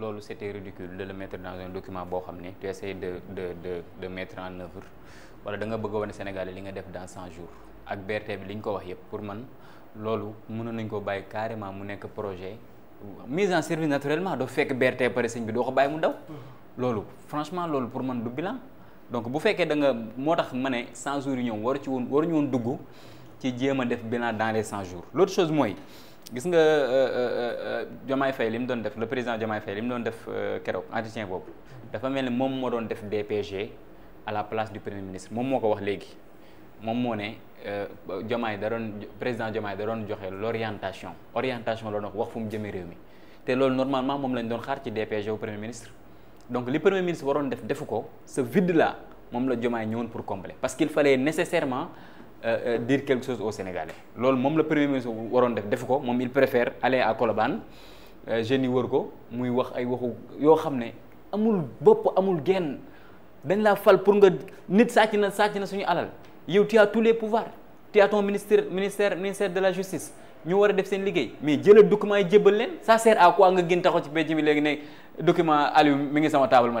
loolu c'était ridicule de le mettre dans un document boo xam ne tu essaies de de de de en œuvre wala da nga bëgg a wane Sénégalais li nga def dans 100 jours ak BRT bi li ñu ko wax yëpp pour man loolu mënoon nañ ko bàyyi carrément mu nekk projet mise en service naturellement doo fekk BRT pare sëñ bi doo ko bàyyi mu daw loolu franchement loolu pour man du bilan donc bu fekkee da nga moo tax ma ne 100 jours yi ñoom waru ci woon war ñu woon dugg ci jéem a def dans les 100 jours l'autre chose mooy gis nga euh, euh, euh, Diomaye fay li mu doon def le président Diomaye Faye li mu doon def keroog entretien boobu dafa mel ni moom moo doon def DPG à la place du premier ministre moom moo ko wax léegi moom moo ne Diomaye da doon président Diomaye da doon joxe l'orientation orientation la doon wax fu mu jëmee réew mi te loolu normalement moom lañ doon xaar ci DPG au premier ministre donc li premier ministre waroon def defu ko ce vide là moom la Diomaye ñëwoon pour combler parce qu'il fallait nécessairement Euh, euh, dire quelque chose au Sénégalais loolu moom la premier ministre waroon def def ko moom il préfère ale à Colobane jeunes yi wër ko muy wax ay waxu yoo xam ne amul bopp amul genn dañ laa fal pour nga nit sàcc na sàcc na suñu alal yow tu as tous les pouvoirs tu ton ministère ministère ministère de la justice ñu war a def seen liggéey mais jëlal document yi jébbal leen ça sert à quoi nga gën taxaw ci bécc mi léegi ne document Aliou mi ngi sama table ma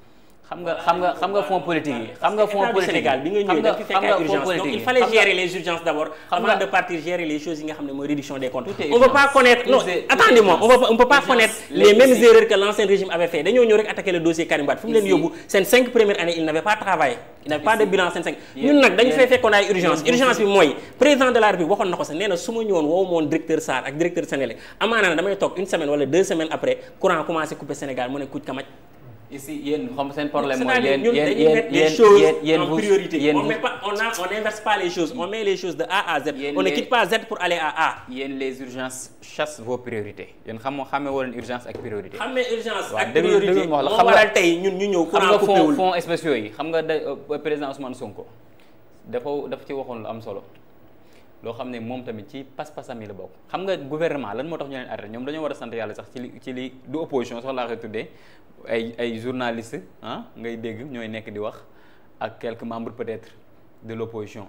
xam nga xam nga xam nga fonds politique yi xam nga fonds politique bi nga ñëw da ci fekk ay urgence donc il fallait gérer les urgences d'abord avant de partir gérer les choses yi nga xam ne mooy réduction des comptes on veut pas connaître non attendez-moi on va on peut pas connaître les mêmes erreurs que l'ancien régime avait fait dañoo ñëw rek attaquer le dossier Karim Wade fu mu leen yóbbu seen cinq premières années il n'avait pas travaillé il n'avait pas de bilan seen cinq ñun nag dañu fay fekkoon ay urgence urgence bi mooy président de la République waxoon na ko sax nee na su ma ñëwoon woowu moon directeur Sarr ak directeur Sénélec amaana damay toog une semaine wala deux semaines après courant commencé couper Sénégal mu ne kuj kamaj ici yéen xam seen problème mooy yéen yéen yéen yéen yéen yéen vous yéen vous on met pas on a on n'inverse pas les choses on met les choses de A à Z. on ne quitte pas Z pour aller à A. yéen les urgences chassent vos priorités yéen xam nga xamee woon urgence ak priorité. xamee urgence ak priorité moo waral tey ñun ñu ñëw. courant coupé wul xam nga fonds fonds spéciaux yi xam nga da euh, président Ousmane Sonko dafa dafa ci waxoon lu am solo. loo xam ne moom tamit ci pas-pasam yi la bokk xam nga gouvernement lan moo tax ñu leen arrêté ñoom dañoo war a sant yàlla sax ci li ci li du opposition sax laa tuddee ay ay journaliste ah ngay dégg ñooy nekk di wax ak quelques membre peut-être de l'opposition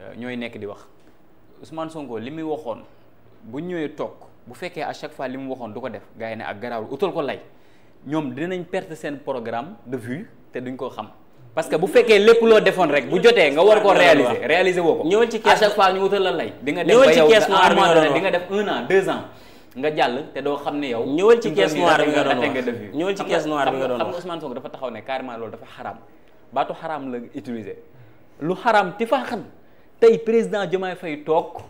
euh, ñooy nekk di wax Ousmane Sonko li muy waxoon bu ñëwee toog bu fekkee à chaque fois li mu waxoon du ko def gars ne ak garaawul utal ko lay ñoom dinañ perte seen programme de vue te duñ ko xam parce que bu fekkee lépp loo defoon rek bu jotee nga war koo réaliser réaliser woo ko. ñëwal ci kees à chaque fois nga def un an deux ans nga jàll te doo xam ne yow. ñëwal ci kees noire bi nga doon wax ñëwal ci kees noire bi nga doon wax xam nga Ousmane dafa taxaw ne carrément loolu dafa xaraam baatu xaraam la utiliser lu xaraam ti faaxan tey président Diomaye fay toog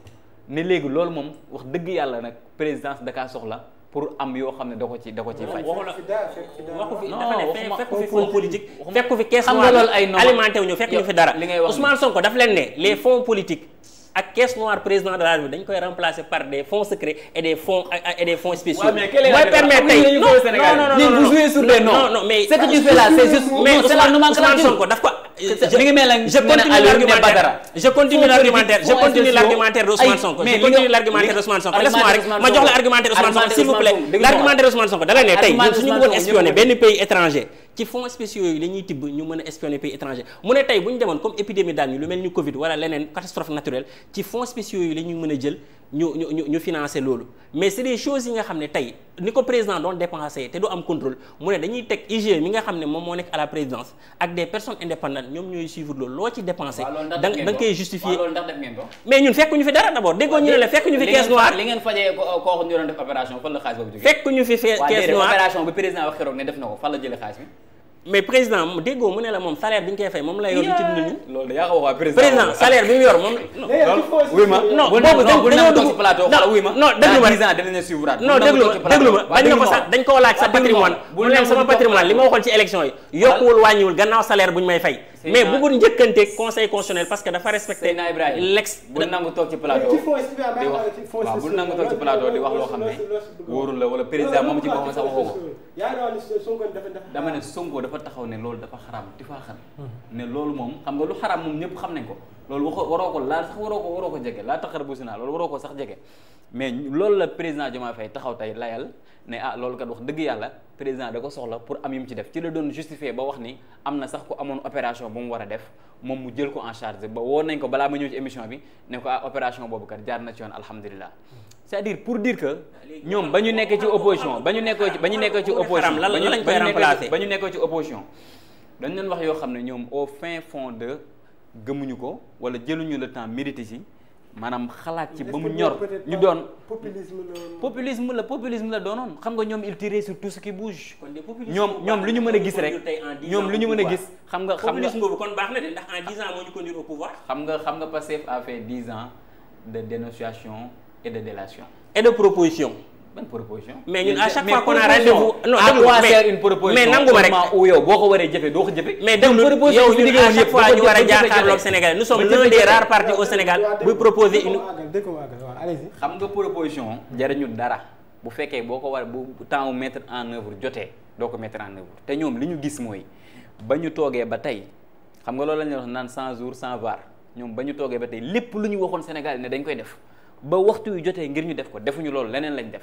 ne léegi loolu moom wax dëgg yàlla nag présidence da kaa soxla pour am yoo xam ne da ko ci da ko ci faj. waxu fi fi fonds politique fekku ñu fekk ñu fi dara Ousmane Sonko daf leen ne les fonds politiques ak caisse noire président de la République dañ koy remplacer par des fonds secrets et des fonds et des fonds spéciaux. mooy permettre tey non non non non non non non non non Euh, mi ngi mel je continue l'argumentaire je continue l'argumentaire je continue l'argumentaire d'Ousmane Sonko je continue l'argumentaire d'Ousmane Sonko laisse-moi rek ma la argumentaire Ousmane Sonko s'il vous ne tey ñun suñu bëggoon espionner benn pays étranger ci fonds spéciaux yi la tibb ñu mën a espionner pays étranger mu ne tey bu ñu demoon comme épidémie daal ñu lu mel ni Covid wala leneen catastrophe naturelle ci fonds spéciaux yi la ñuy jël ñu ñu ñu ñu financé loolu mais c'est des choses yi nga xam ne tey ni ko président doon dépensé te du am contrôle mu ne dañuy teg IGE mi nga xam ne moom moo nekk à la présidence ak des personnes indépendantes ñoom ñooy suivre loolu loo ci dépensé. da da nga koy justifier mais ñun fekk ñu fi dara d'abord déggoo ñu ne la fekk euh, ñu fi caisse noire fekk ñu fi caisse noire bi président wax keroog ne def na ko fan la jëlee xaalis bi mais président mu déggoo mu ne la moom salaire bi ñu koy fay moom la yor. ci dund nii loolu yaa ko président. président bi mu yor moom. loolu ma non boobu dañoo dugg non déglu ma non déglu ma déglu ma ko sax dañ koo laaj sa patrimoine bu leen sama patrimoine li ma waxoon ci élection yi yokkuwul wàññiwul gannaaw salaire bu ñu may fay mais bëggul njëkkante conseil constitutionnel parce que dafa respecté. Seyna Ibrahima lex bul nangu toog ci plateau. di wax waaw bul nangu toog ci plateau di wax loo xam ne wóorul la wala président moom ci boppam sax waxoo ko. dama ne Sonko dafa taxaw ne loolu dafa xaram di faa xam. ne loolu moom xam nga lu xaram moom ñëpp xam nañ ko. loolu waxoo waroo ko laal sax waroo ko waroo ko jege laa taxar bu si naa loolu waroo ko sax jege mais loolu la président Diomaye Faye taxaw tey layal ne ah loolu kat wax dëgg yàlla président da ko soxla pour am mu ci def ci la doon justifié ba wax ni am na sax ku amoon opération bu mu war a def moom mu jël ko en charge ba woo nañ ko balaa ma ñëw ci émission bi ne ko ah opération boobu kat jaar na ci yoon alhamdulilah c'est-à-dire pour dire que ñoom ba ñu nekkee ci ba ñu nekkoo ci ñu nekkoo ci opposition ba ñu nekkoo ci opposition dañ wax yoo xam ne ñoom au fin fond gëmuñu ko wala jëluñu le temps mérité si maanaam xalaat ci ba mu ñor ñu doon populisme la populisme la populisme la doonoon xam nga ñoom il tire sur tout ce qui bouge. ñoom ñoom lu ñu mën a gis rek ñoom lu ñu mën a gis. xam nga xam nga populisme boobu baax na ndax en dix ans moo ñu conduire au pouvoir. xam nga xam nga Pastef a fait dix ans de dénonciation et de délation. et de proposition. ban proposition. mais ñun à chaque fois qu'on a rendez mais nangu ma rek yow boo ko waree jëfe doo ko jëfe mais déglu yow ñun à chaque fois ñu a jàkkaarloog Sénégal nous sommes l'un des rares partis au Sénégal buy proposer une xam nga proposition jariñu dara bu fekkee boo ko war bu temps wu mettre en œuvre jotee doo ko mettre en œuvre te ñoom li ñu gis mooy ba ñu toogee ba tey xam nga loolu la ñuy wax naan cent jours 100 var ñoom ba ñu toogee ba tey lépp lu ñu waxoon Sénégal ne dañ koy def ba waxtu yu jotee ngir ñu def ko defuñu loolu leneen lañ def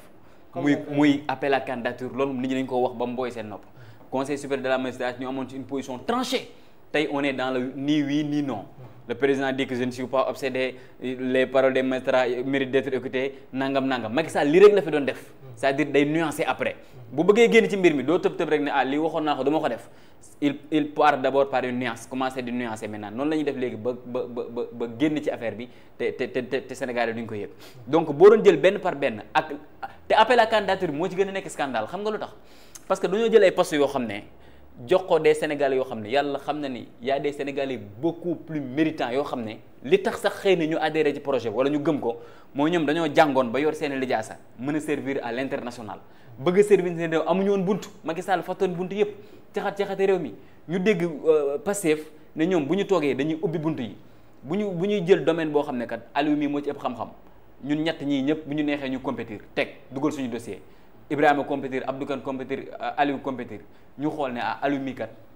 muy muy appel à candidature loolu nit ñi dañu ko wax ba mu booy seen nopp conseil supérieur de la magistrature ñu amoon ci une position tranchée tey on est dans le ni oui ni non le président dit que je ne suis pas obsédé les paroles des magistrats méritent d'être écoutées nangam nangam Macky Sall li rek la fi doon def c'est-à-dire day nuancer après bu bëggee génn ci mbir mi doo tëb tëb rek ne ah li waxoon naa ko dama ko def il il part d'abord par une nuance commencer di nuancer maintenant noonu la ñuy def léegi ba ba ba ba génn ci affaire bi te te te te duñ ko yëg donc boo doon jël benn par benn ak te appel à candidature moo ci a nekk scandale xam nga lu tax parce que dañoo jël ay postes yoo xam jox ko des sénégalais yoo xam ne yàlla xam na ni y a des sénégalais beaucoup plus méritants yoo xam ne li tax sax xëy na ñu adhéré ci projet bi wala ñu gëm ko moo ñoom dañoo jàngoon ba yor seen lijaasa mën a servir à l'international bëgg a servir seen réew amuñu woon bunt Macky Sall fàttoon yëpp caxat caxate réew mi ñu dégg euh, Pastef ne ñoom bu ñu toogee dañuy ubbi bunt yi bu ñu bu ñuy jël domaine boo xam ne kat Aliou mii moo ci ëpp xam-xam ñun ñett ñii ñëpp bu ñu neexee ñu compétir teg dugal suñu dossier Ibrahima compétir Abdou Kane compétir euh, Aliou compétir ñu xool ne ah Aliou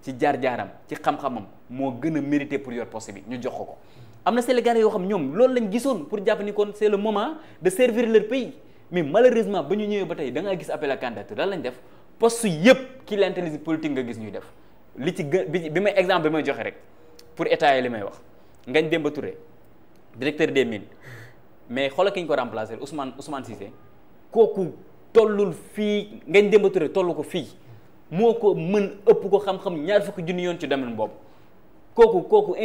ci jaar-jaaram ci xam-xamam moo gën a mérité pour yor poste bi ñu jox ko ko. am na Sénégalais yoo xam ñoom loolu lañ gisoon pour jàpp ni kon c'est le moment de servir leur pays mais malheureusement ba ñu ñëwee ba tey da gis appel à candidature lan lañ def poste yëpp ki l'intelligence politique nga gis ñuy def li ci gën bi bi may exemple bi may joxe rek pour état yi li may wax Ngagne Demba Touré directeur des mines mais xoolal ki ko remplacer Ousmane Ousmane Cissé tollul fii ngañ Demba Touré tollu ko fii moo ko mën ëpp ko xam-xam ñaar fukki junni yoon ci domaine boobu kooku kooku